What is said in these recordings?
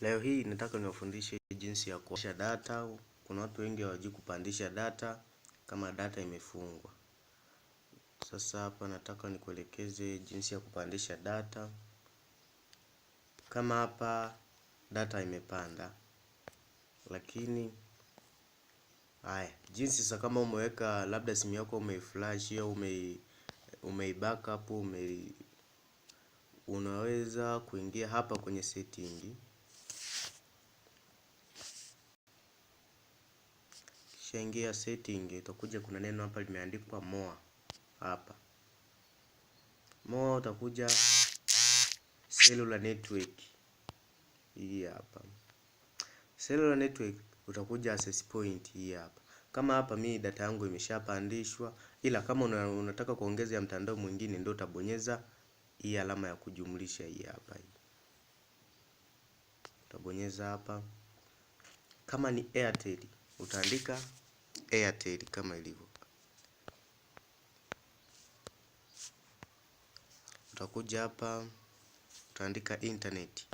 Leo hii nataka niwafundishe jinsi ya kuwasha data. Kuna watu wengi hawajui kupandisha data kama data imefungwa. Sasa hapa nataka nikuelekeze jinsi ya kupandisha data. Kama hapa data imepanda, lakini haya jinsi sasa, kama umeweka labda simu yako umeiflash au ume umeibackup ume, unaweza kuingia hapa kwenye setting Ukishaingia setting utakuja kuna neno hapa limeandikwa more hapa. More utakuja cellular network. Hii hapa. Cellular network utakuja access point hii hapa. Kama hapa mimi data yangu imeshapandishwa, ila kama unataka kuongeza ya mtandao mwingine ndio utabonyeza hii alama ya kujumlisha hii hapa hii. Utabonyeza hapa. Kama ni Airtel utaandika Airtel kama ilivyo. Utakuja hapa utaandika internet.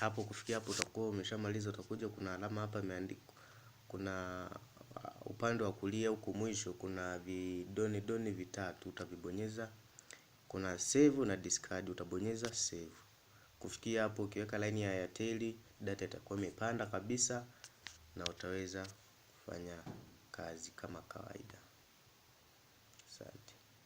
Hapo kufikia hapo utakuwa umeshamaliza. Utakuja kuna alama hapa imeandikwa, kuna uh, upande wa kulia huku mwisho kuna vidonidoni vitatu, utavibonyeza kuna save na discard, utabonyeza save. Kufikia hapo, ukiweka laini ya Airtel data itakuwa imepanda kabisa na utaweza kufanya kazi kama kawaida. Asante.